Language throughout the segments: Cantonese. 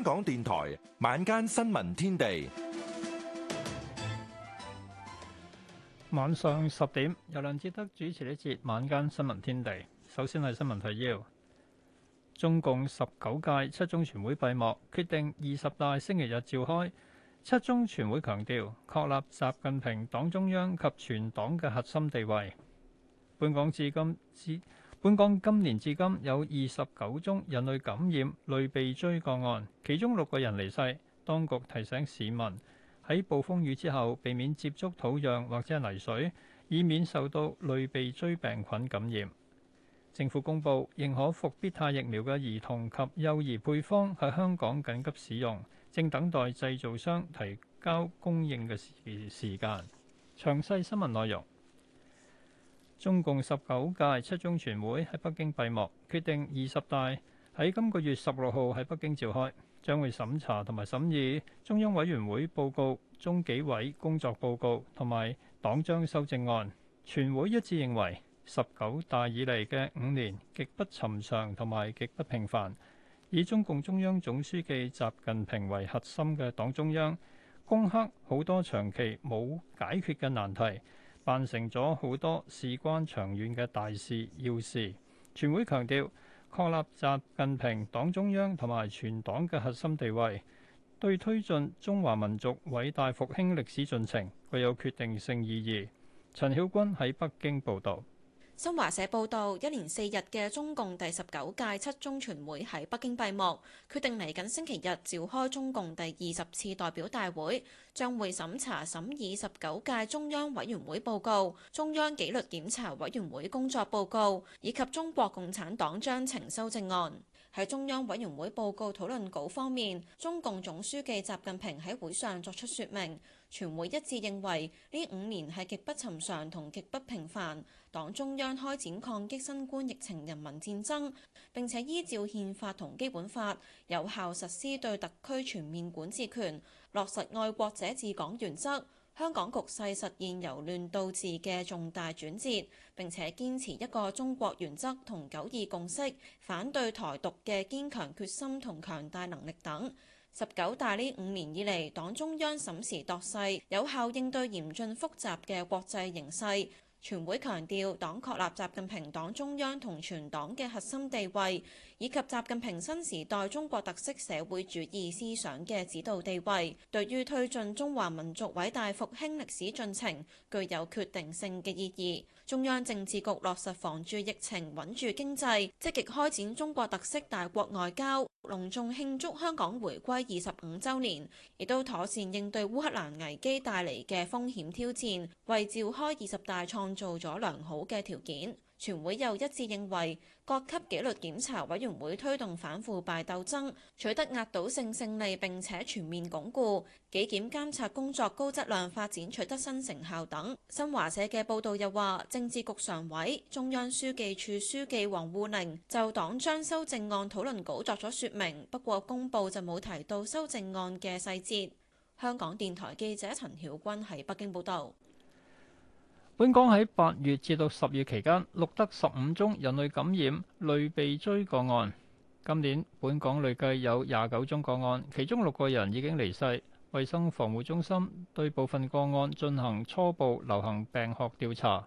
香港電台晚間新聞天地，晚上十點由梁志德主持呢節晚間新聞天地。首先係新聞提要：中共十九屆七中全會閉幕，決定二十大星期日召開。七中全會強調，確立習近平黨中央及全黨嘅核心地位。本港至今至，至本港今年至今有29宗人類感染類鼻疽個案，其中6個人離世。當局提醒市民，喺暴風雨之後避免接觸土壤或者泥水，以免受到類鼻疽病菌感染。政府公布認可復必泰疫苗嘅兒童及幼兒配方喺香港緊急使用，正等待製造商提交供應嘅時，時間。詳細新聞內容。中共十九屆七中全會喺北京閉幕，決定二十大喺今個月十六號喺北京召開，將會審查同埋審議中央委員會報告、中紀委工作報告同埋黨章修正案。全會一致認為，十九大以嚟嘅五年極不尋常同埋極不平凡，以中共中央總書記習近平為核心嘅黨中央攻克好多長期冇解決嘅難題。辦成咗好多事關長遠嘅大事要事，全會強調，確立習近平黨中央同埋全黨嘅核心地位，對推進中華民族偉大復興歷史進程具有決定性意義。陳曉君喺北京報導。新華社報道，一連四日嘅中共第十九屆七中全會喺北京閉幕，決定嚟緊星期日召開中共第二十次代表大會，將會審查審議十九屆中央委員會報告、中央紀律檢查委員會工作報告，以及中國共產黨章程修正案。喺中央委員會報告討論稿方面，中共總書記習近平喺會上作出説明，全會一致認為呢五年係極不尋常同極不平凡。黨中央開展抗擊新冠疫情人民戰爭，並且依照憲法同基本法有效實施對特區全面管治權，落實愛國者治港原則。香港局勢實現由亂到治嘅重大轉折，並且堅持一個中國原則同九二共識，反對台獨嘅堅強決心同強大能力等。十九大呢五年以嚟，黨中央審時度勢，有效應對嚴峻複雜嘅國際形勢。全會強調黨確立習近平黨中央同全黨嘅核心地位。以及習近平新時代中國特色社會主義思想嘅指導地位，對於推進中華民族偉大復興歷史進程具有決定性嘅意義。中央政治局落實防住疫情、穩住經濟、積極開展中國特色大國外交，隆重慶祝香港回歸二十五週年，亦都妥善應對烏克蘭危機帶嚟嘅風險挑戰，為召開二十大創造咗良好嘅條件。全會又一致認為，各級紀律檢查委員會推動反腐敗鬥爭取得壓倒性勝利，並且全面鞏固紀檢監察工作高質量發展取得新成效等。新華社嘅報導又話，政治局常委、中央書記處書記王滬寧就黨章修正案討論稿作咗説明，不過公佈就冇提到修正案嘅細節。香港電台記者陳曉君喺北京報導。本港喺8月至10月期間錄得15宗人類感染類鼻椎個案。今年本港累計有廿九宗個案，其中6個人已經離世，衞生防護中心，對部分個案進行初步流行病學調查。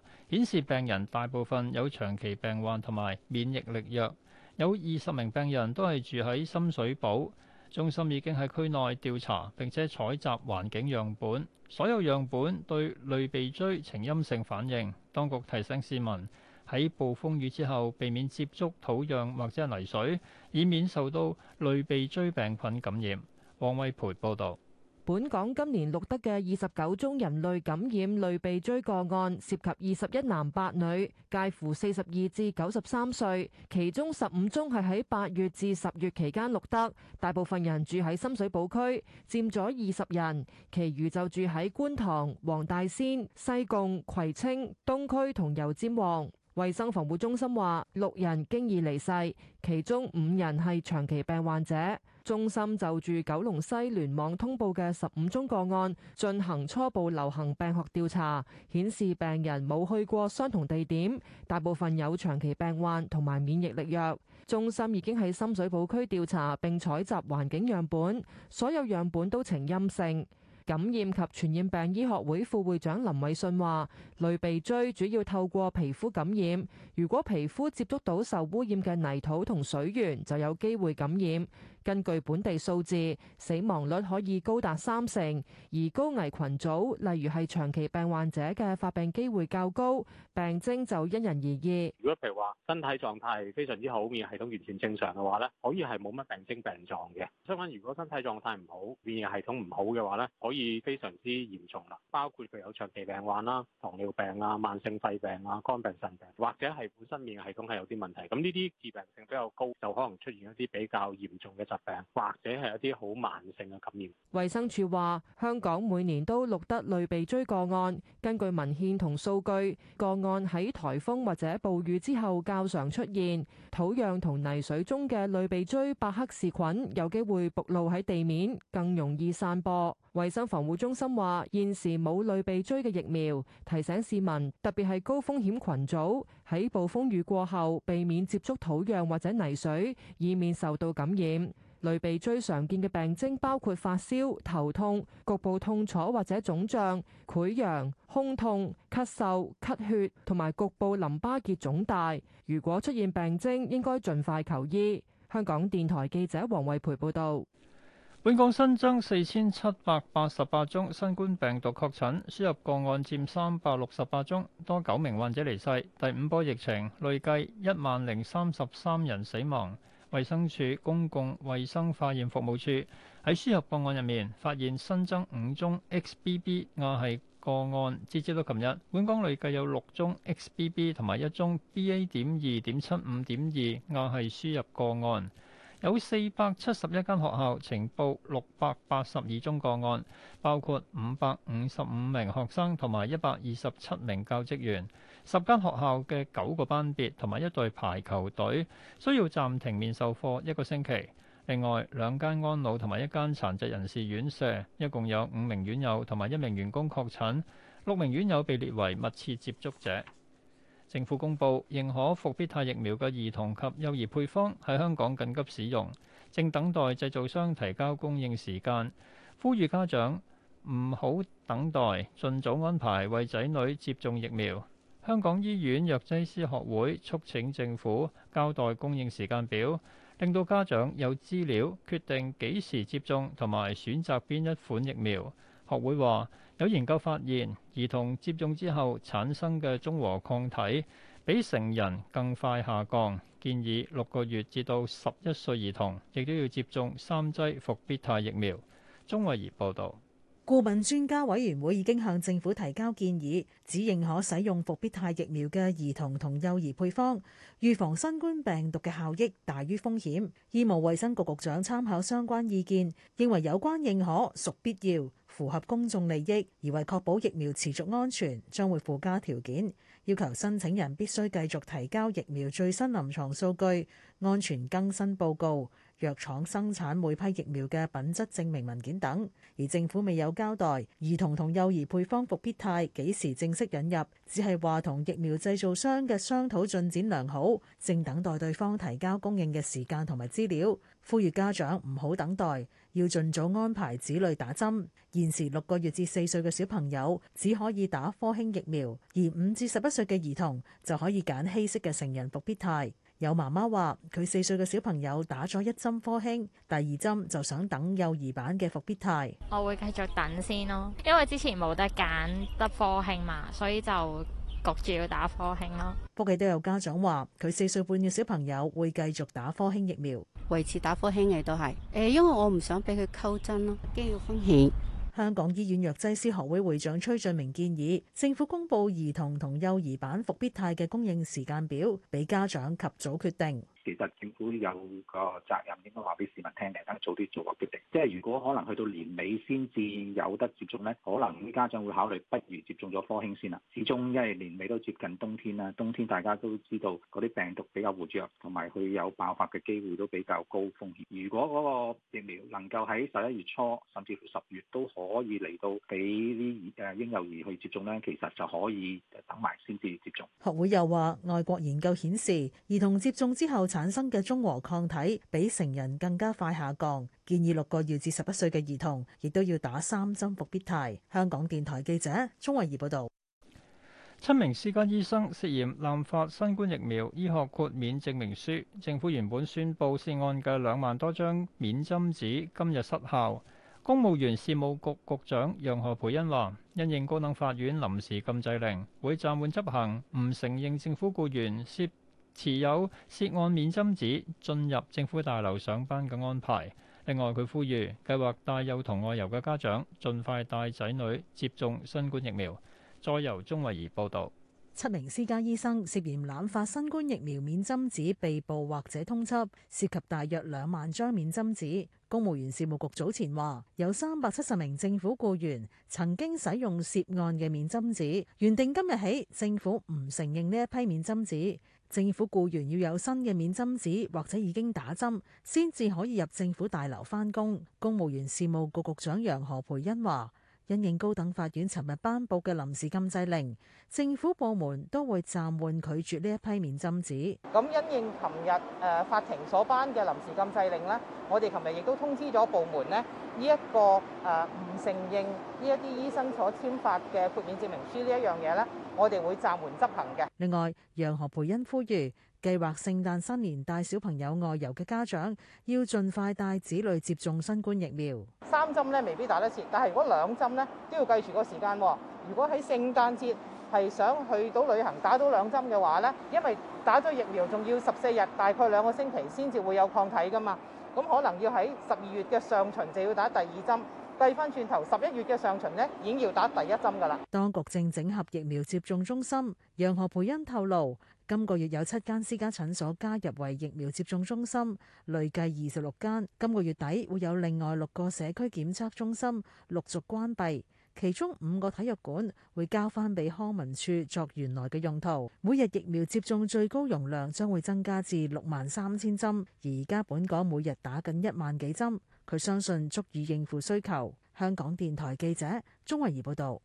中心已經喺區內調查，並且採集環境樣本。所有樣本對類鼻疽呈陰性反應。當局提醒市民，喺暴風雨之後，避免接觸土壤或者泥水，以免受到類鼻疽病菌感染。王威培報導。本港今年錄得嘅二十九宗人類感染類鼻疽個案，涉及二十一男八女，介乎四十二至九十三歲，其中十五宗係喺八月至十月期間錄得，大部分人住喺深水埗區，佔咗二十人，其餘就住喺觀塘、黃大仙、西貢、葵青、東區同油尖旺。衛生防護中心話，六人經已離世，其中五人係長期病患者。中心就住九龍西聯網通報嘅根據本地數字，死亡率可以高達三成，而高危群組例如係長期病患者嘅發病機會較高，病徵就因人而異。如果譬如話身體狀態非常之好，免疫系統完全正常嘅話呢可以係冇乜病徵病狀嘅。相反，如果身體狀態唔好，免疫系統唔好嘅話呢可以非常之嚴重啦。包括佢有長期病患啦、糖尿病啊、慢性肺病啊、肝病、腎病，或者係本身免疫系統係有啲問題，咁呢啲致病性比較高，就可能出現一啲比較嚴重嘅。或者係一啲好慢性嘅感染。衞生署話：香港每年都錄得類鼻疽個案。根據文獻同數據，個案喺颱風或者暴雨之後較常出現。土壤同泥水中嘅類鼻疽伯克氏菌有機會暴露喺地面，更容易散播。衞生防護中心話：現時冇類鼻疽嘅疫苗。提醒市民，特別係高風險群組喺暴風雨過後，避免接觸土壤或者泥水，以免受到感染。類鼻疽常見嘅病徵包括發燒、頭痛、局部痛楚或者腫脹、潰瘍、胸痛、咳嗽、咳血同埋局部淋巴結腫大。如果出現病徵，應該盡快求醫。香港電台記者黃慧培報道，本港新增四千七百八十八宗新冠病毒確診，輸入個案佔三百六十八宗，多九名患者離世。第五波疫情累計一萬零三十三人死亡。衛生署公共衛生化驗服務處喺輸入個案入面發現新增五宗 XBB 亞系個案，截至到琴日，本港累計有六宗 XBB 同埋一宗 BA. 點二點七五點二亞系輸入個案，有四百七十一間學校呈報六百八十二宗個案，包括五百五十五名學生同埋一百二十七名教職員。十間學校嘅九個班別同埋一隊排球隊需要暫停面授課一個星期。另外兩間安老同埋一間殘疾人士院舍，一共有五名院友同埋一名員工確診，六名院友被列為密切接觸者。政府公布認可復必泰疫苗嘅兒童及幼兒配方喺香港緊急使用，正等待製造商提交供應時間。呼籲家長唔好等待，盡早安排為仔女接種疫苗。香港醫院藥劑師學會促請政府交代供應時間表，令到家長有資料決定幾時接種同埋選擇邊一款疫苗。學會話有研究發現，兒童接種之後產生嘅中和抗體比成人更快下降，建議六個月至到十一歲兒童亦都要接種三劑復必泰疫苗。鍾慧兒報導。顧問專家委員會已經向政府提交建議，只認可使用復必泰疫苗嘅兒童同幼兒配方，預防新冠病毒嘅效益大於風險。醫務衛生局局長參考相關意見，認為有關認可屬必要，符合公眾利益，而為確保疫苗持續安全，將會附加條件，要求申請人必須繼續提交疫苗最新臨床數據、安全更新報告。藥廠生產每批疫苗嘅品質證明文件等，而政府未有交代兒童同幼兒配方復必泰幾時正式引入，只係話同疫苗製造商嘅商討進展良好，正等待對方提交供應嘅時間同埋資料。呼籲家長唔好等待，要盡早安排子女打針。現時六個月至四歲嘅小朋友只可以打科興疫苗，而五至十一歲嘅兒童就可以揀稀釋嘅成人復必泰。有媽媽話佢四歲嘅小朋友打咗一針科興，第二針就想等幼兒版嘅復必泰。我會繼續等先咯，因為之前冇得揀，得科興嘛，所以就焗住要打科興咯。不過都有家長話，佢四歲半嘅小朋友會繼續打科興疫苗，維持打科興嘅都係，誒，因為我唔想俾佢溝針咯，驚要風險。香港醫院藥劑師學會會長崔俊明建議，政府公布兒童同幼兒版復必泰嘅供應時間表，俾家長及早決定。其實政府有個責任，應該話俾市民聽嘅，等早啲做個決定。即係如果可能去到年尾先至有得接種呢，可能啲家長會考慮，不如接種咗科興先啦。始終因為年尾都接近冬天啦，冬天大家都知道嗰啲病毒比較活躍，同埋佢有爆發嘅機會都比較高風險。如果嗰個疫苗能夠喺十一月初，甚至十月都可以嚟到俾啲誒嬰幼兒去接種呢，其實就可以。埋先接種。學會又話，外國研究顯示，兒童接種之後產生嘅中和抗體比成人更加快下降，建議六個月至十一歲嘅兒童亦都要打三針復必泰。香港電台記者鍾慧儀報導。七名私家醫生涉嫌濫發新冠疫苗醫學豁免證明書，政府原本宣佈涉案嘅兩萬多張免針紙今日失效。公務員事務局局長楊何培恩話，因應高等法院臨時禁制令，會暫緩執行，唔承認政府雇員涉持有涉案免針紙進入政府大樓上班嘅安排。另外，佢呼籲計劃帶幼童外遊嘅家長，盡快帶仔女接種新冠疫苗。再由鍾慧兒報導。七名私家醫生涉嫌濫發新冠疫苗免針紙被捕或者通緝，涉及大約兩萬張免針紙。公務員事務局早前話，有三百七十名政府雇員曾經使用涉案嘅免針紙，原定今日起，政府唔承認呢一批免針紙，政府雇員要有新嘅免針紙或者已經打針，先至可以入政府大樓返工。公務員事務局局長楊何培恩話。因應高等法院尋日頒布嘅臨時禁制令，政府部門都會暫緩拒絕呢一批免針紙。咁因應尋日誒法庭所頒嘅臨時禁制令，呢我哋尋日亦都通知咗部門咧，呢一個誒唔承認呢一啲醫生所簽發嘅豁免證明書呢一樣嘢，呢我哋會暫緩執行嘅。另外，楊何培恩呼籲。計劃聖誕新年帶小朋友外遊嘅家長，要盡快帶子女接種新冠疫苗。三針咧未必打得切，但係如果兩針咧都要計住個時間。如果喺聖誕節係想去到旅行打到兩針嘅話咧，因為打咗疫苗仲要十四日，大概兩個星期先至會有抗體噶嘛。咁可能要喺十二月嘅上旬就要打第二針。計翻轉頭十一月嘅上旬咧，已經要打第一針噶啦。當局正整合疫苗接種中心，楊何培恩透露。今個月有七間私家診所加入為疫苗接種中心，累計二十六間。今個月底會有另外六個社區檢測中心陸續關閉，其中五個體育館會交翻俾康文署作原來嘅用途。每日疫苗接種最高容量將會增加至六萬三千針，而家本港每日打緊一萬幾針，佢相信足以應付需求。香港電台記者鍾慧儀報道。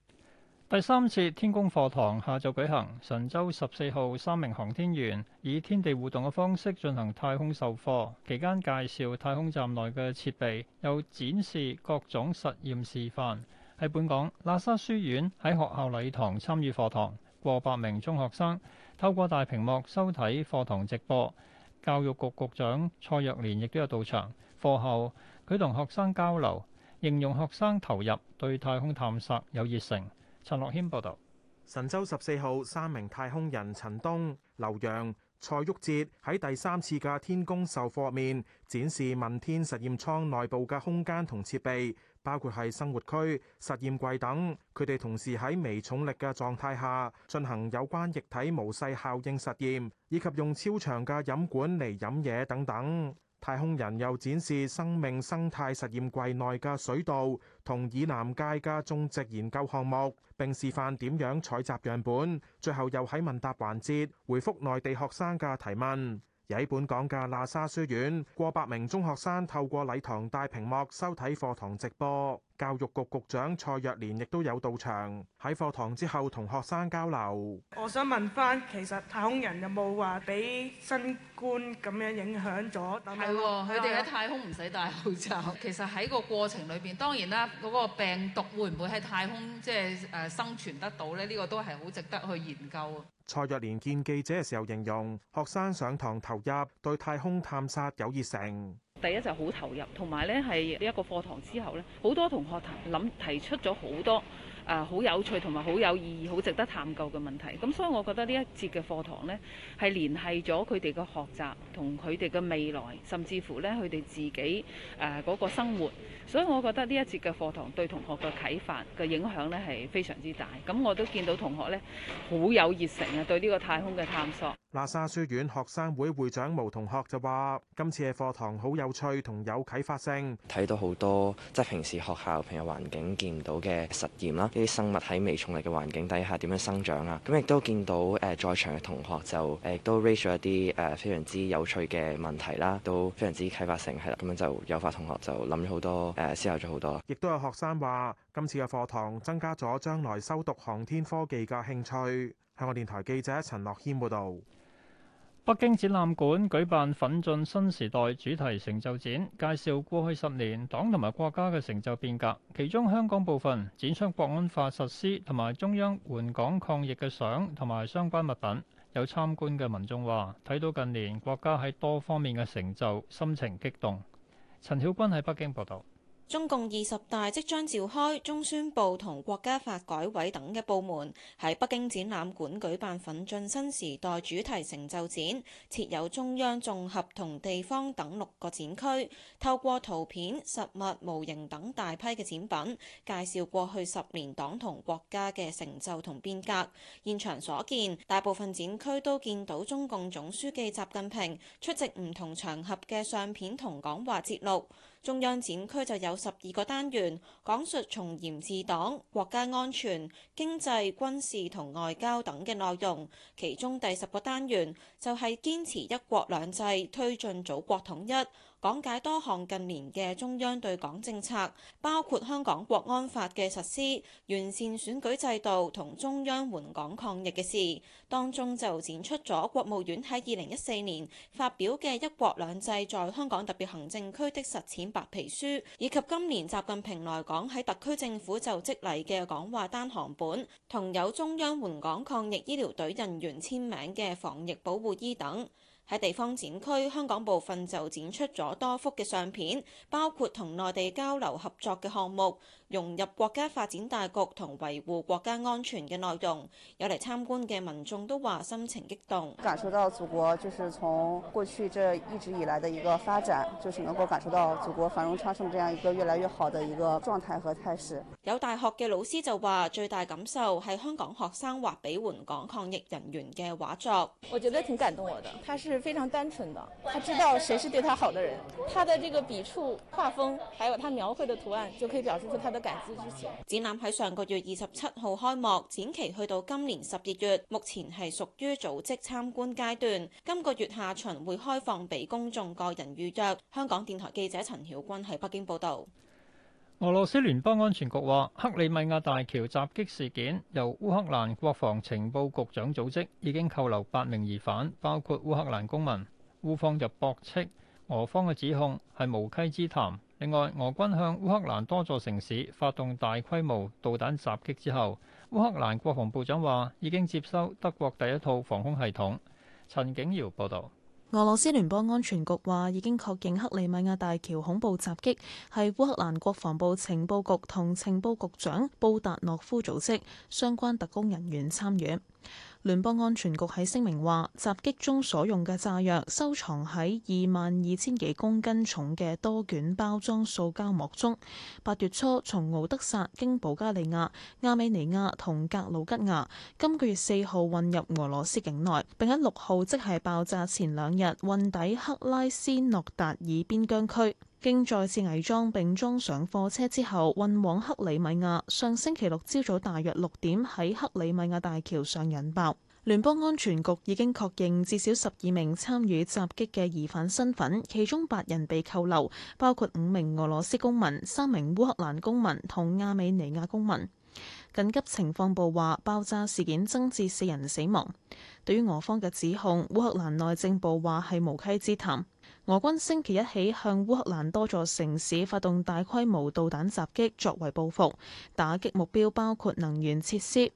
第三次天宮課堂下晝舉行，神舟十四號三名航天員以天地互動嘅方式進行太空授課，期間介紹太空站內嘅設備，又展示各種實驗示範，喺本港，喇沙書院喺學校禮堂參與課堂，過百名中學生透過大屏幕收睇課堂直播。教育局局長蔡若蓮亦都有到場，課後佢同學生交流，形容學生投入，對太空探索有熱誠。陳樂謙報道：神舟十四號三名太空人陳冬、劉洋、蔡旭哲喺第三次嘅天宮授課面，展示問天實驗艙內部嘅空間同設備，包括係生活區、實驗櫃等。佢哋同時喺微重力嘅狀態下進行有關液體毛細效應實驗，以及用超長嘅飲管嚟飲嘢等等。太空人又展示生命生態實驗櫃內嘅水稻同擬南芥嘅種植研究項目，並示範點樣採集樣本。最後又喺問答環節回覆內地學生嘅提問。而喺本港嘅喇沙書院，過百名中學生透過禮堂大屏幕收睇課堂直播。教育局局長蔡若蓮亦都有到場，喺課堂之後同學生交流。我想問翻，其實太空人有冇話俾新冠咁樣影響咗？係喎、哦，佢哋喺太空唔使戴口罩。 其實喺個過程裏邊，當然啦，嗰、那個病毒會唔會喺太空即係誒生存得到咧？呢、這個都係好值得去研究。蔡若蓮見記者嘅時候形容，學生上堂投入，對太空探索有熱誠。第一就好投入，同埋呢係呢一個課堂之後呢，好多同學談諗提出咗好多啊，好有趣同埋好有意義、好值得探究嘅問題。咁所以我覺得呢一節嘅課堂呢，係聯繫咗佢哋嘅學習同佢哋嘅未來，甚至乎呢，佢哋自己誒嗰個生活。所以我覺得呢一節嘅課堂對同學嘅啟發嘅影響呢，係非常之大。咁我都見到同學呢，好有熱誠啊，對呢個太空嘅探索。喇沙書院學生會會長毛同學就話，今次嘅課堂好有趣同有啟發性，睇到好多即係平時學校、平日環境見唔到嘅實驗啦，呢啲生物喺微重力嘅環境底下點樣生長啊，咁亦都見到誒在場嘅同學就誒亦都 raise 咗一啲誒非常之有趣嘅問題啦，都非常之啟發性係啦，咁樣就誘發同學就諗咗好多誒、呃，思考咗好多。亦都有學生話，今次嘅課堂增加咗將來修讀航天科技嘅興趣。香港電台記者陳樂謙報道。北京展覽館舉辦《奮進新時代》主題成就展，介紹過去十年黨同埋國家嘅成就變革。其中香港部分展出《國安法》實施同埋中央援港抗疫嘅相同埋相關物品。有參觀嘅民眾話睇到近年國家喺多方面嘅成就，心情激動。陳曉君喺北京報道。中共二十大即將召開，中宣部同國家發改委等嘅部門喺北京展覽館舉辦「奮進新時代」主題成就展，設有中央綜合同地方等六個展區，透過圖片、實物、模型等大批嘅展品，介紹過去十年黨同國家嘅成就同變革。現場所見，大部分展區都見到中共總書記習近平出席唔同場合嘅相片同講話節錄。中央展區就有十二個單元，講述從嚴治黨、國家安全、經濟、軍事同外交等嘅內容。其中第十個單元就係堅持一國兩制，推進祖國統一。講解多項近年嘅中央對港政策，包括香港國安法嘅實施、完善選舉制度同中央援港抗疫嘅事。當中就展出咗國務院喺二零一四年發表嘅《一國兩制在香港特別行政區的實踐》白皮書，以及今年習近平來港喺特區政府就職禮嘅講話單行本，同有中央援港抗疫醫療隊人員簽名嘅防疫保護衣等。喺地方展區，香港部分就展出咗多幅嘅相片，包括同內地交流合作嘅項目，融入國家發展大局同維護國家安全嘅內容。有嚟參觀嘅民眾都話心情激動，感受到祖國就是從過去這一直以來的一個發展，就是能夠感受到祖國繁榮昌盛這樣一個越來越好的一個狀態和態勢。有大學嘅老師就話最大感受係香港學生畫俾援港抗疫人員嘅畫作，我覺得挺感動我的，他是。非常單純的，他知道誰是對他好的人。他的這個筆觸、畫風，還有他描繪的圖案，就可以表示出他的感激之情。展覽喺上個月二十七號開幕，展期去到今年十二月，目前係屬於組織參觀階段。今個月下旬會開放俾公眾個人預約。香港電台記者陳曉君喺北京報道。俄羅斯聯邦安全局話，克里米亞大橋襲擊事件由烏克蘭國防情報局長組織，已經扣留八名疑犯，包括烏克蘭公民。烏方入駁斥俄方嘅指控係無稽之談。另外，俄軍向烏克蘭多座城市發動大規模導彈襲擊之後，烏克蘭國防部長話已經接收德國第一套防空系統。陳景堯報道。俄羅斯聯邦安全局話，已經確認克里米亞大橋恐怖襲擊，係烏克蘭國防部情報局同情報局長布達諾夫組織相關特工人員參與。聯邦安全局喺聲明話，襲擊中所用嘅炸藥收藏喺二萬二千幾公斤重嘅多卷包裝塑膠膜中。八月初從敖德薩經保加利亞、亞美尼亞同格魯吉亞，今個月四號運入俄羅斯境內，並喺六號即係爆炸前兩日運抵克拉斯諾達爾邊疆區。經再次偽裝並裝上貨車之後，運往克里米亞。上星期六朝早大約六點喺克里米亞大橋上引爆。聯邦安全局已經確認至少十二名參與襲擊嘅疑犯身份，其中八人被扣留，包括五名俄羅斯公民、三名烏克蘭公民同亞美尼亞公民。緊急情況部話爆炸事件增至四人死亡。對於俄方嘅指控，烏克蘭內政部話係無稽之談。俄軍星期一起向烏克蘭多座城市發動大規模導彈襲擊，作為報復。打擊目標包括能源設施。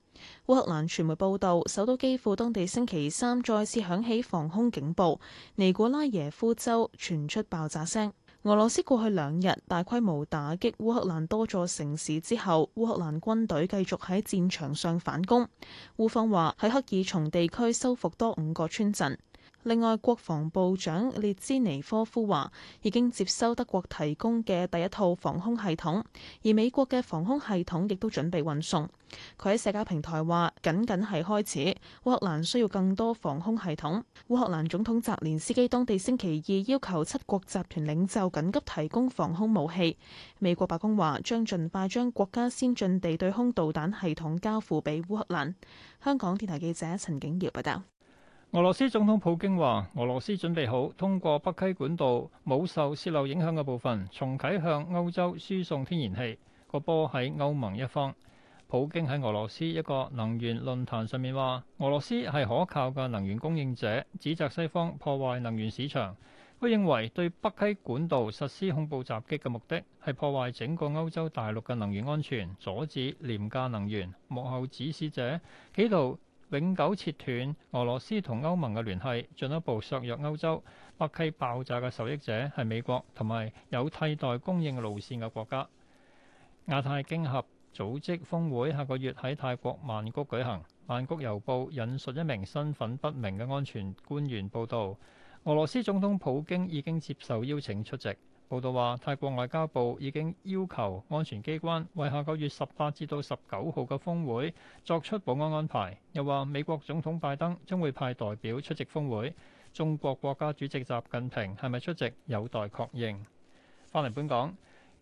烏克蘭傳媒報道，首都基輔當地星期三再次響起防空警報，尼古拉耶夫州傳出爆炸聲。俄羅斯過去兩日大規模打擊烏克蘭多座城市之後，烏克蘭軍隊繼續喺戰場上反攻。烏方話喺赫爾松地區收復多五個村鎮。另外，國防部長列茲尼科夫話已經接收德國提供嘅第一套防空系統，而美國嘅防空系統亦都準備運送。佢喺社交平台話，僅僅係開始，烏克蘭需要更多防空系統。烏克蘭總統澤連斯基當地星期二要求七國集團領袖緊急提供防空武器。美國白宮話將盡快將國家先進地對空導彈系統交付俾烏克蘭。香港電台記者陳景堯報道。俄羅斯總統普京話：俄羅斯準備好通過北溪管道冇受泄漏影響嘅部分，重啟向歐洲輸送天然氣。個波喺歐盟一方，普京喺俄羅斯一個能源論壇上面話：俄羅斯係可靠嘅能源供應者，指責西方破壞能源市場。佢認為對北溪管道實施恐怖襲擊嘅目的係破壞整個歐洲大陸嘅能源安全，阻止廉價能源。幕後指使者企圖永久切斷俄羅斯同歐盟嘅聯繫，進一步削弱歐洲。北溪爆炸嘅受益者係美國同埋有替代供應路線嘅國家。亞太經合組織峰會下個月喺泰國曼谷舉行。曼谷郵報引述一名身份不明嘅安全官員報道，俄羅斯總統普京已經接受邀請出席。報道話，泰國外交部已經要求安全機關為下個月十八至到十九號嘅峰會作出保安安排。又話，美國總統拜登將會派代表出席峰會，中國國家主席習近平係咪出席有待確認。返嚟本港。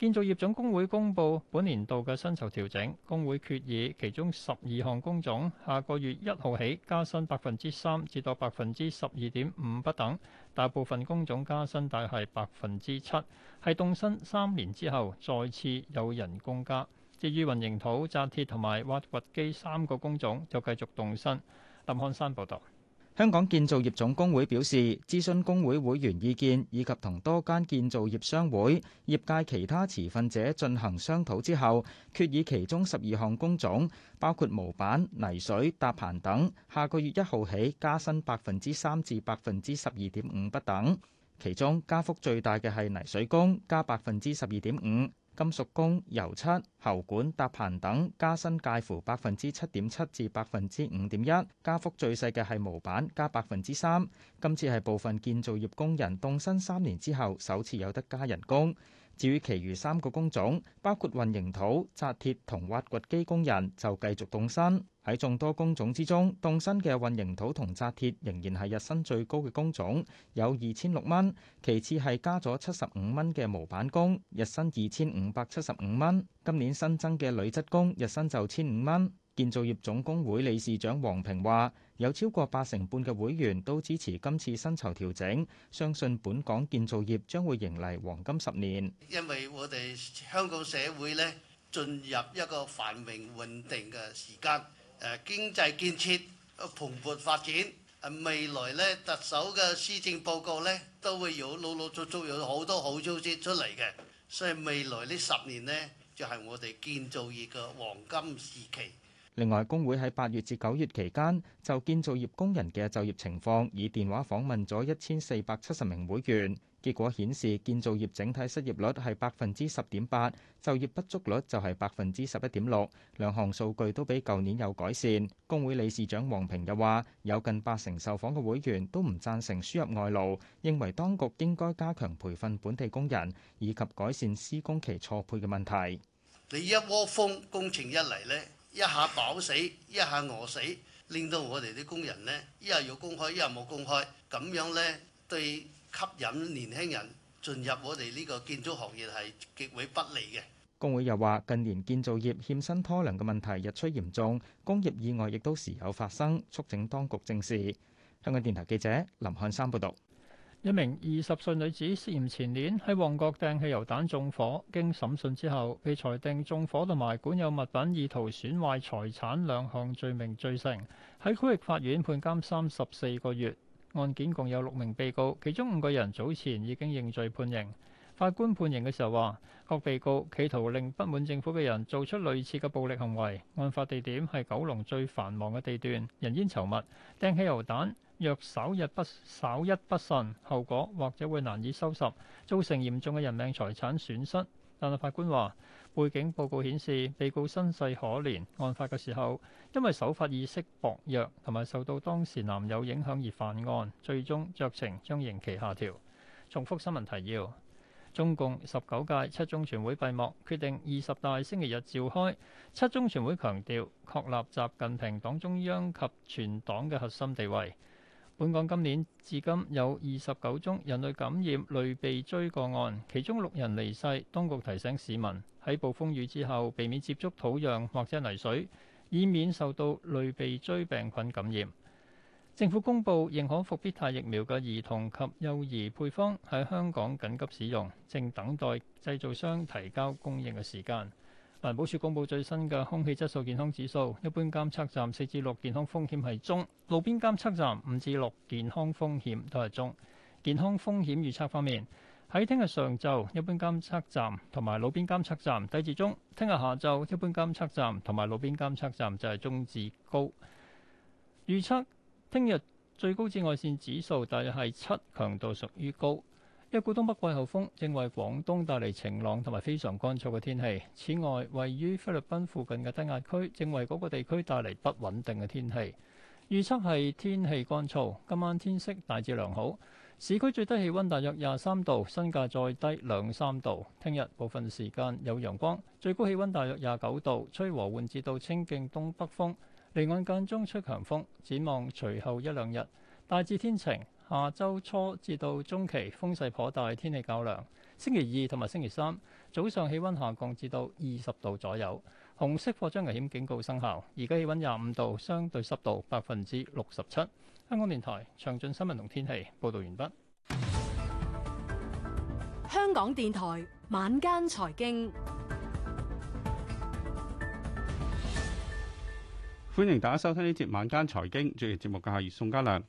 建造業總工會公布本年度嘅薪酬調整，工會決議其中十二項工種下個月一號起加薪百分之三至到百分之十二點五不等，大部分工種加薪大約百分之七，係凍薪三年之後再次有人工加。至於混凝土、紮鐵同埋挖掘機三個工種就繼續凍薪。林漢山報導。香港建造業總工會表示，諮詢工會會員意見，以及同多間建造業商會、業界其他持份者進行商討之後，決議其中十二項工種，包括模板、泥水、搭棚等，下個月一號起加薪百分之三至百分之十二點五不等，其中加幅最大嘅係泥水工，加百分之十二點五。金屬工、油漆、喉管、搭棚等加薪介乎百分之七點七至百分之五點一，加幅最細嘅係模板，加百分之三。今次係部分建造業工人凍薪三年之後，首次有得加人工。至於其餘三個工種，包括混凝土、紮鐵同挖掘機工人，就繼續凍薪。喺眾多工種之中，凍薪嘅混凝土同紮鐵仍然係日薪最高嘅工種，有二千六蚊。其次係加咗七十五蚊嘅模板工，日薪二千五百七十五蚊。今年新增嘅女職工，日薪就千五蚊。建造業總工會理事長黃平話。有超過八成半嘅會員都支持今次薪酬調整，相信本港建造業將會迎嚟黃金十年。因為我哋香港社會咧進入一個繁榮穩定嘅時間，誒經濟建設蓬勃發展，未來咧特首嘅施政報告咧都會有陸陸續續有好多好消息出嚟嘅，所以未來呢十年咧就係我哋建造業嘅黃金時期。另外，工會喺八月至九月期間就建造業工人嘅就業情況，以電話訪問咗一千四百七十名會員。結果顯示，建造業整體失業率係百分之十點八，就業不足率就係百分之十一點六，兩項數據都比舊年有改善。工會理事長黃平又話：有近八成受訪嘅會員都唔贊成輸入外勞，認為當局應該加強培訓本地工人，以及改善施工期錯配嘅問題。你一窩蜂工程一嚟呢。一下飽死，一下餓死，令到我哋啲工人呢，一日要公開，一日冇公開，咁樣呢對吸引年輕人進入我哋呢個建築行業係極為不利嘅。工會又話，近年建造業欠薪拖糧嘅問題日趨嚴重，工業意外亦都時有發生，促請當局正視。香港電台記者林漢山報道。一名二十歲女子涉嫌前年喺旺角掟汽油彈縱火，經審訊之後被裁定縱火同埋管有物品意圖損壞財產兩項罪名罪成，喺區域法院判監三十四個月。案件共有六名被告，其中五個人早前已經認罪判刑。法官判刑嘅時候話：各被告企圖令不滿政府嘅人做出類似嘅暴力行為。案發地點係九龍最繁忙嘅地段，人煙稠密，掟汽油彈。若稍日不稍一不慎，後果或者會難以收拾，造成嚴重嘅人命財產損失。但係法官話，背景報告顯示被告身世可憐，案發嘅時候因為守法意識薄弱，同埋受到當時男友影響而犯案，最終酌情將刑期下調。重複新聞提要：中共十九屆七中全會閉幕，決定二十大星期日召開。七中全會強調確立習近平黨中央及全黨嘅核心地位。本港今年至今有二十九宗人類感染類鼻疽個案，其中六人離世。當局提醒市民喺暴風雨之後，避免接觸土壤或者泥水，以免受到類鼻疽病菌感染。政府公布認可復必泰疫苗嘅兒童及幼兒配方喺香港緊急使用，正等待製造商提交供應嘅時間。環保署公布最新嘅空氣質素健康指數，一般監測站四至六健康風險係中，路邊監測站五至六健康風險都係中。健康風險預測方面，喺聽日上晝，一般監測站同埋路邊監測站低至中；聽日下晝，一般監測站同埋路邊監測站就係中至高。預測聽日最高紫外線指數大約係七，強度屬於高。一股東北季候風正為廣東帶嚟晴朗同埋非常乾燥嘅天氣，此外，位於菲律賓附近嘅低壓區正為嗰個地區帶嚟不穩定嘅天氣。預測係天氣乾燥，今晚天色大致良好，市區最低氣溫大約廿三度，新界再低兩三度。聽日部分時間有陽光，最高氣溫大約廿九度，吹和緩至到清勁東北風，離岸間中吹強風。展望隨後一兩日，大致天晴。下周初至到中期風勢頗大，天氣較涼。星期二同埋星期三早上氣溫下降至到二十度左右。紅色火災危險警告生效，而家氣溫廿五度，相對濕度百分之六十七。香港電台詳盡新聞同天氣報道完畢。香港電台晚間財經， 歡迎大家收聽呢節晚間財經。主持節目嘅係宋家良。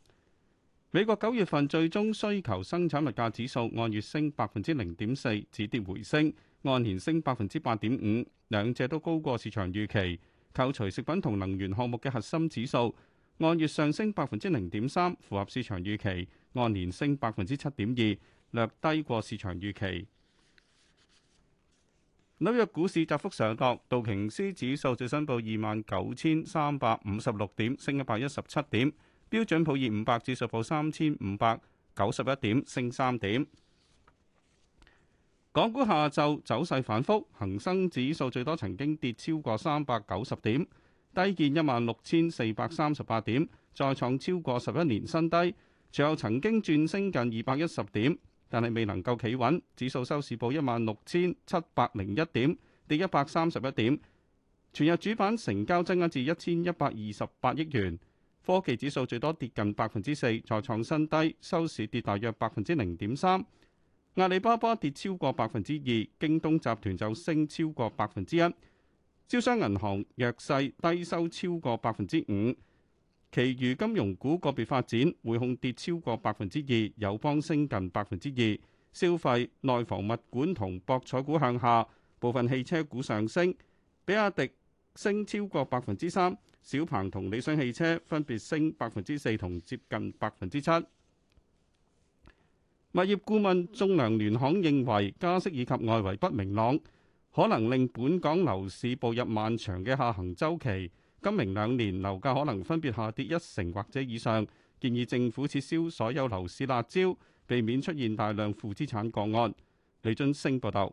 美國九月份最終需求生產物價指數按月升百分之零點四，止跌回升，按年升百分之八點五，兩者都高過市場預期。扣除食品同能源項目嘅核心指數，按月上升百分之零點三，符合市場預期，按年升百分之七點二，略低過市場預期。紐約股市窄幅上落，道瓊斯指數最新報二萬九千三百五十六點，升一百一十七點。標準普爾五百指數報三千五百九十一點，升三點。港股下晝走勢反覆，恒生指數最多曾經跌超過三百九十點，低見一萬六千四百三十八點，再創超過十一年新低。隨後曾經轉升近二百一十點，但係未能夠企穩，指數收市報一萬六千七百零一點，跌一百三十一點。全日主板成交增加至一千一百二十八億元。科技指數最多跌近百分之四，再創新低，收市跌大約百分之零點三。阿里巴巴跌超過百分之二，京東集團就升超過百分之一。招商銀行弱勢，低收超過百分之五。其餘金融股個別發展，匯控跌超過百分之二，友邦升近百分之二。消費、內房物管同博彩股向下，部分汽車股上升，比亞迪升超過百分之三。小鵬同理想汽車分別升百分之四同接近百分之七。物業顧問仲量聯行認為，加息以及外圍不明朗，可能令本港樓市步入漫長嘅下行週期，今明兩年樓價可能分別下跌一成或者以上。建議政府撤銷所有樓市辣招，避免出現大量負資產個案。李俊盛報道。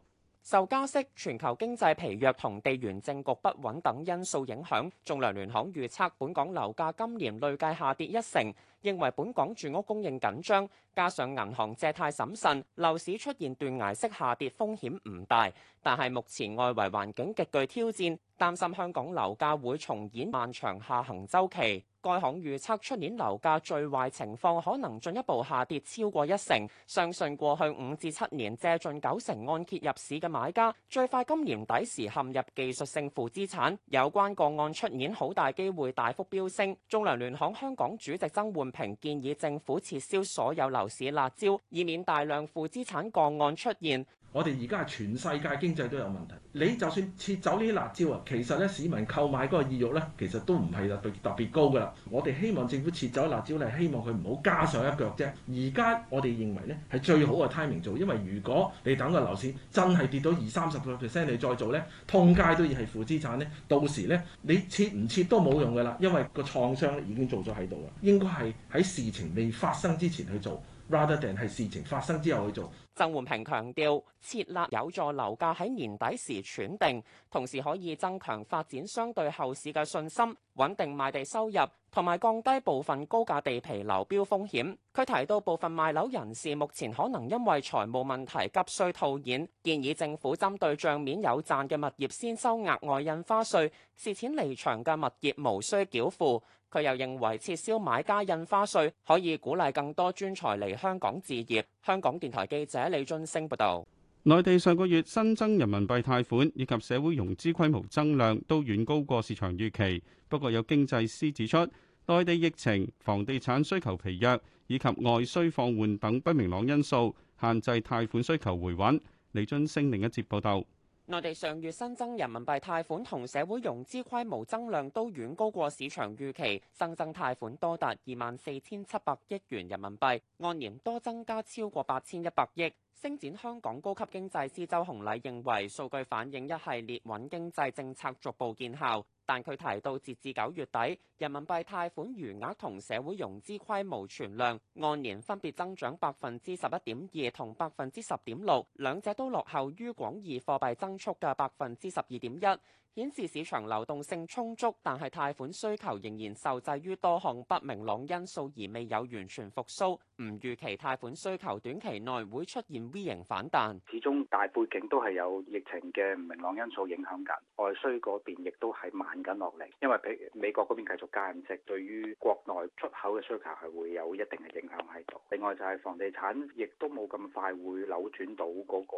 受加息、全球經濟疲弱同地緣政局不穩等因素影響，仲量聯行預測本港樓價今年累計下跌一成。認為本港住屋供應緊張，加上銀行借貸審慎，樓市出現斷崖式下跌風險唔大。但係目前外圍環境極具挑戰，擔心香港樓價會重演漫長下行周期。該行預測出年樓價最壞情況可能進一步下跌超過一成。相信過去五至七年借進九成按揭入市嘅買家，最快今年底時陷入技術性負資產。有關個案出現好大機會大幅飆升。仲量聯行香港主席曾煥平建議政府撤銷所有樓市辣招，以免大量負資產個案出現。我哋而家係全世界經濟都有問題。你就算撤走呢啲辣招啊，其實咧市民購買嗰個意欲咧，其實都唔係特別特別高噶啦。我哋希望政府撤走辣招咧，希望佢唔好加上一腳啫。而家我哋認為咧係最好嘅 timing 做，因為如果你等個樓市真係跌到二三十個 percent，你再做咧，通街都要係負資產咧。到時咧你撤唔撤都冇用噶啦，因為個創傷已經做咗喺度啦。應該係喺事情未發生之前去做，rather than 系事情發生之後去做。曾煥平強調，設立有助樓價喺年底時喘定，同時可以增強發展商對後市嘅信心，穩定賣地收入，同埋降低部分高價地皮流標風險。佢提到，部分賣樓人士目前可能因為財務問題急需套現，建議政府針對賬面有賺嘅物業先收額外印花稅，蝕錢離場嘅物業無需繳付。佢又認為撤銷買家印花稅可以鼓勵更多專才嚟香港置業。香港電台記者李津升報導，內地上個月新增人民幣貸款以及社會融資規模增量都遠高過市場預期。不過有經濟師指出，內地疫情、房地產需求疲弱以及外需放緩等不明朗因素限制貸款需求回穩。李津升另一節報導。內地上月新增人民幣貸款同社會融資規模增量都遠高過市場預期，新增，增貸款多達二萬四千七百億元人民幣，按年多增加超過八千一百億。星展香港高級經濟師周紅禮認為，數據反映一系列穩經濟政策逐步見效。但佢提到，截至九月底，人民幣貸款餘額同社會融資規模存量，按年分別增長百分之十一點二同百分之十點六，兩者都落後於廣義貨幣增速嘅百分之十二點一。顯示市場流動性充足，但係貸款需求仍然受制於多項不明朗因素而未有完全復甦。唔預期貸款需求短期內會出現 V 型反彈，始終大背景都係有疫情嘅唔明朗因素影響緊，外需嗰邊亦都係慢緊落嚟。因為美美國嗰邊繼續加息，對於國內出口嘅需求係會有一定嘅影響喺度。另外就係房地產亦都冇咁快會扭轉到嗰個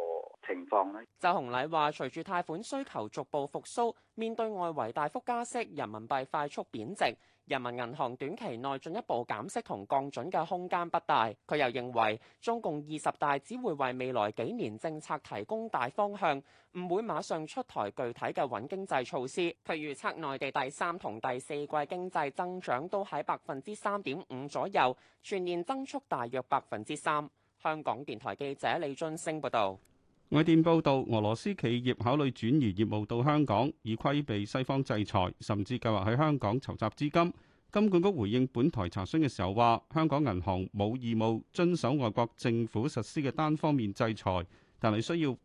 情況，呢就洪禮話：，隨住貸款需求逐步復甦，面對外圍大幅加息、人民幣快速貶值，人民銀行短期內進一步減息同降準嘅空間不大。佢又認為中共二十大只會為未來幾年政策提供大方向，唔會馬上出台具體嘅穩經濟措施。佢預測內地第三同第四季經濟增長都喺百分之三點五左右，全年增速大約百分之三。香港電台記者李津升報道。外電報道，俄羅斯企業考慮轉移業務到香港，以規避西方制裁，甚至計劃喺香港籌集資金。金管局回應本台查詢嘅時候話，香港銀行冇義務遵守外國政府實施嘅單方面制裁，但係需要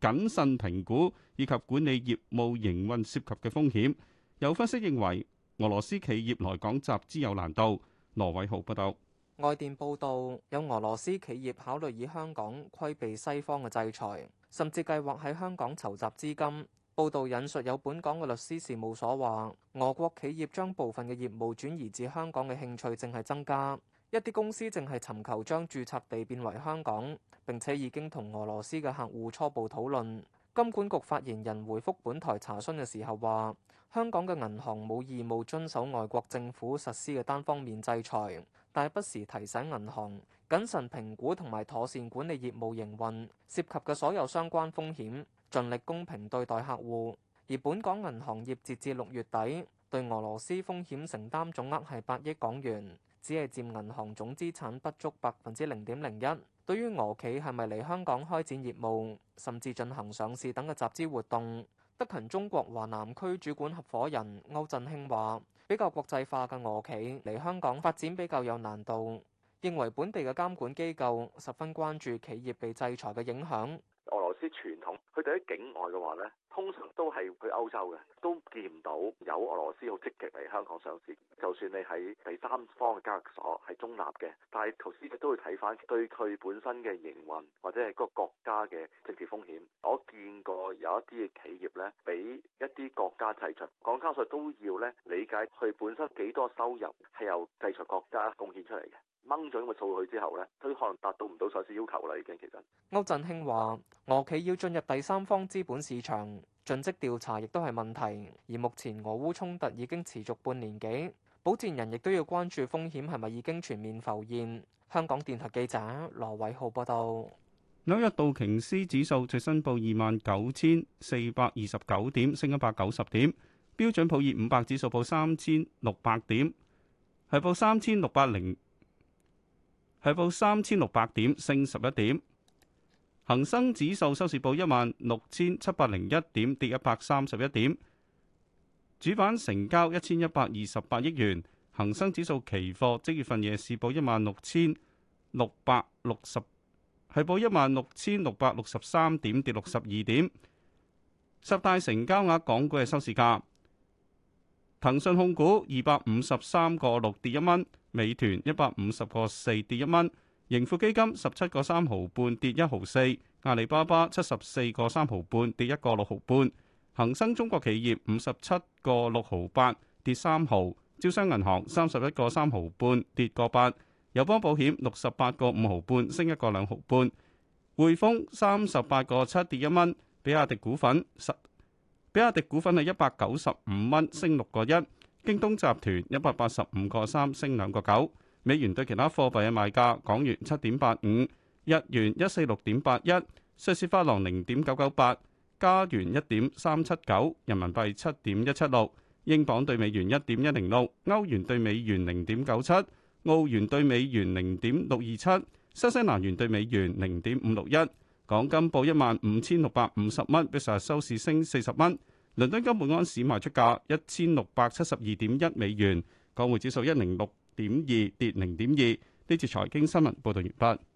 謹慎評估以及管理業務營運涉及嘅風險。有分析認為俄羅斯企業來港集資有難度。羅偉豪報道。外電報道，有俄羅斯企業考慮以香港規避西方嘅制裁，甚至計劃喺香港籌集資金。報道引述有本港嘅律師事務所話，俄國企業將部分嘅業務轉移至香港嘅興趣正係增加。一啲公司正係尋求將註冊地變為香港，並且已經同俄羅斯嘅客戶初步討論，金管局發言人回覆本台查詢嘅時候話，香港嘅銀行冇義務遵守外國政府實施嘅單方面制裁。但不時提醒銀行謹慎評估同埋妥善管理業務營運涉及嘅所有相關風險，盡力公平對待客戶。而本港銀行業截至六月底，對俄羅斯風險承擔總額係八億港元，只係佔銀行總資產不足百分之零點零一。對於俄企係咪嚟香港開展業務，甚至進行上市等嘅集資活動，德勤中國華南區主管合夥人歐振興話。比較國際化嘅俄企嚟香港發展比較有難度，認為本地嘅監管機構十分關注企業被制裁嘅影響。俄羅斯傳統，佢哋喺境外嘅話呢。通常都係去歐洲嘅，都見唔到有俄羅斯好積極嚟香港上市。就算你喺第三方嘅交易所係中立嘅，但係投資者都會睇翻對佢本身嘅營運或者係個國家嘅政治風險。我見過有一啲嘅企業呢，俾一啲國家制裁，港交所都要呢理解佢本身幾多收入係由制裁國家貢獻出嚟嘅。掹咗個數據之後呢，佢可能達到唔到上市要求啦。已經其實，歐振興話：俄企要進入第三方資本市場。盡職調查亦都係問題，而目前俄烏衝突已經持續半年幾，保薦人亦都要關注風險係咪已經全面浮現。香港電台記者羅偉浩報道。紐約道瓊斯指數最新報二萬九千四百二十九點，升一百九十點；標準普爾五百指數報三千六百點，係報三千六百零，係報三千六百點，升十一點。恒生指數收市報一萬六千七百零一點，跌一百三十一點。主板成交一千一百二十八億元。恒生指數期貨即月份夜市報一萬六千六百六十，係報一萬六千六百六十三點，跌六十二點。十大成交額港股嘅收市價，騰訊控股二百五十三個六跌一蚊，美團一百五十個四跌一蚊。盈富基金十七個三毫半跌一毫四，阿里巴巴七十四個三毫半跌一個六毫半，恒生中國企業五十七個六毫八跌三毫，招商銀行三十一個三毫半跌個八，友邦保險六十八個五毫半升一個兩毫半，匯豐三十八個七跌一蚊，1, 比亞迪股份十，比亞迪股份係一百九十五蚊升六個一，京東集團一百八十五個三升兩個九。美元對其他貨幣嘅賣價：港元七點八五，日元一四六點八一，瑞士法郎零點九九八，加元一點三七九，人民幣七點一七六，英鎊對美元一點一零六，歐元對美元零點九七，澳元對美元零點六二七，新西蘭元對美元零點五六一。港金報一萬五千六百五十蚊，比上日收市升四十蚊。倫敦金每盎司賣出價一千六百七十二點一美元，港匯指數一零六點二跌零點二，呢次財經新聞報道完畢。